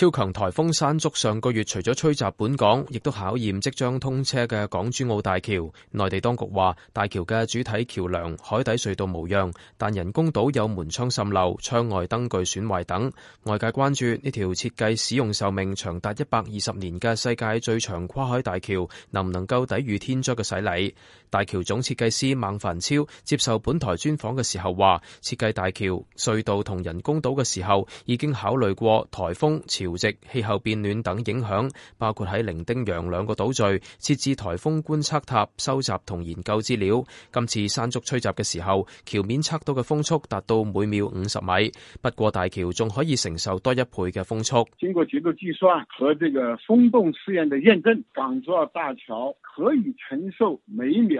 超強颱風山竹上個月除咗吹襲本港，亦都考驗即將通車嘅港珠澳大橋。內地當局話，大橋嘅主體橋樑、海底隧道無恙，但人工島有門窗滲漏、窗外燈具損壞等。外界關注呢條設計使用壽命長達一百二十年嘅世界最長跨海大橋，能唔能夠抵禦天災嘅洗禮？大橋總設計師孟凡超接受本台專訪嘅時候話，設計大橋、隧道同人工島嘅時候，已經考慮過颱風、潮汐、氣候變暖等影響，包括喺伶仃洋兩個島嶼設置颱風觀測塔，收集同研究資料。今次山竹吹襲嘅時候，橋面測到嘅風速達到每秒五十米，不過大橋仲可以承受多一倍嘅風速。經過結構計算和這個風洞試驗嘅驗證，港珠澳大橋可以承受每秒。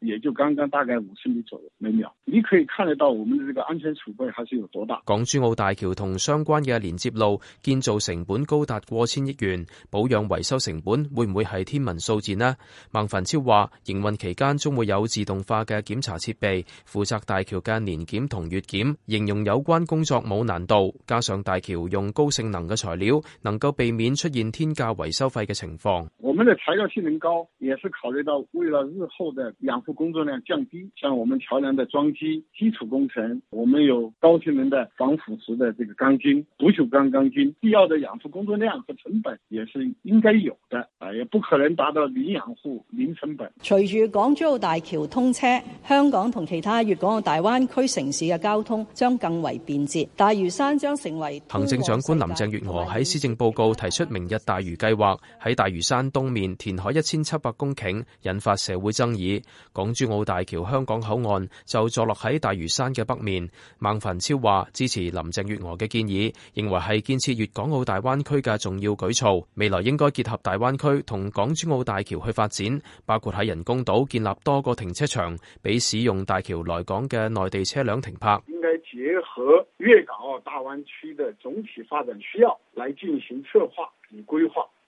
也就剛剛大概五十米左右每秒，你可以看得到我們的這個安全儲備還是有多大。港珠澳大橋同相關嘅連接路建造成本高達過千億元，保養維修成本會唔會係天文數字呢？孟凡超話營運期間將會有自動化嘅檢查設備，負責大橋嘅年檢同月檢，形容有關工作冇難度，加上大橋用高性能嘅材料，能夠避免出現天價維修費嘅情況。我們的材料性能高，也是考慮到為了日後的養護。工作量降低，像我們橋樑的樁基、基礎工程，我們有高性能的、防腐蝕的這個鋼筋、不銹鋼鋼筋，必要的養護工作量和成本也是應該有的啊，也不可能達到零養護、零成本。隨住港珠澳大橋通車，香港同其他粵港澳大灣區城市嘅交通將更為便捷，大嶼山將成為行政長官林鄭月娥喺施政報告提出明日大嶼計劃，喺大嶼山東面填海一千七百公頃，引發社會爭議。港珠澳大橋香港口岸就坐落喺大嶼山嘅北面。孟凡超話支持林鄭月娥嘅建議，認為係建設粵港澳大灣區嘅重要舉措。未來應該結合大灣區同港珠澳大橋去發展，包括喺人工島建立多個停車場，俾使用大橋來港嘅內地車輛停泊。應該結合粵港澳大灣區的總體發展需要來進行策劃與規劃。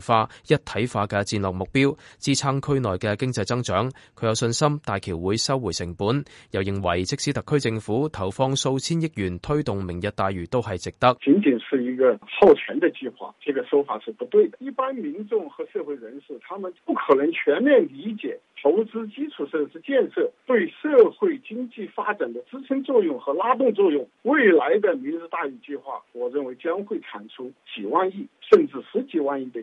化、一體化嘅戰略目標，支撐區內嘅經濟增長。佢有信心大橋會收回成本，又認為即使特區政府投放數千億元推動明日大嶼都係值得。僅僅是一個耗錢的計劃，這個說法是不對的。一般民眾和社會人士，他們不可能全面理解投資基礎設施建設對社會經濟發展的支撐作用和拉動作用。未來的明日大嶼計劃，我認為將會產出幾萬億甚至十幾萬億的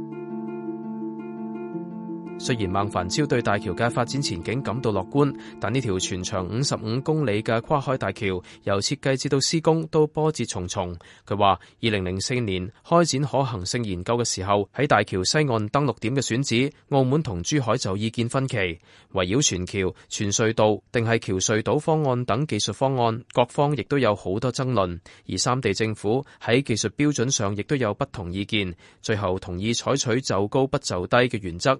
雖然孟凡超對大橋嘅發展前景感到樂觀，但呢條全長五十五公里嘅跨海大橋，由設計至到施工都波折重重。佢話：二零零四年開展可行性研究嘅時候，喺大橋西岸登陸點嘅選址，澳門同珠海就意見分歧；圍繞全橋、全隧道定係橋隧島方案等技術方案，各方亦都有好多爭論。而三地政府喺技術標準上亦都有不同意見，最後同意採取就高不就低嘅原則。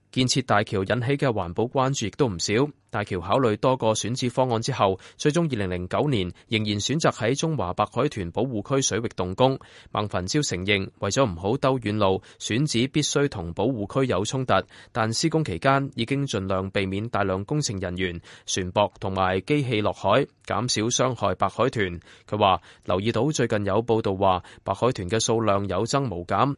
建設大橋引起嘅環保關注亦都唔少。大橋考慮多個選址方案之後，最終二零零九年仍然選擇喺中華白海豚保護區水域動工。孟凡超承認，為咗唔好兜遠路，選址必須同保護區有衝突。但施工期間已經盡量避免大量工程人員、船舶同埋機器落海，減少傷害白海豚。佢話留意到最近有報道話白海豚嘅數量有增無減。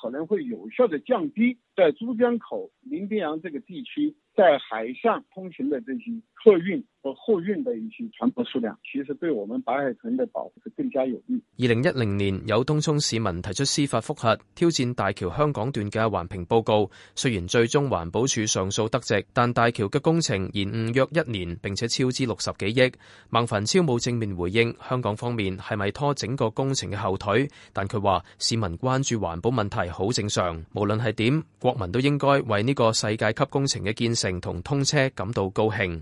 可能會有效的降低在珠江口、伶仃洋這個地區在海上通行的這些客運和貨運的一些船舶數量，其實對我們白海豚的保護是更加有利。二零一零年，有東涌市民提出司法複核，挑戰大橋香港段嘅環評報告。雖然最終環保署上訴得直，但大橋嘅工程延誤約一年，並且超支六十幾億。孟凡超冇正面回應香港方面係咪拖整個工程嘅後腿，但佢話市民關注環保問題。好正常，無論係點，國民都應該為呢個世界級工程嘅建成同通車感到高興。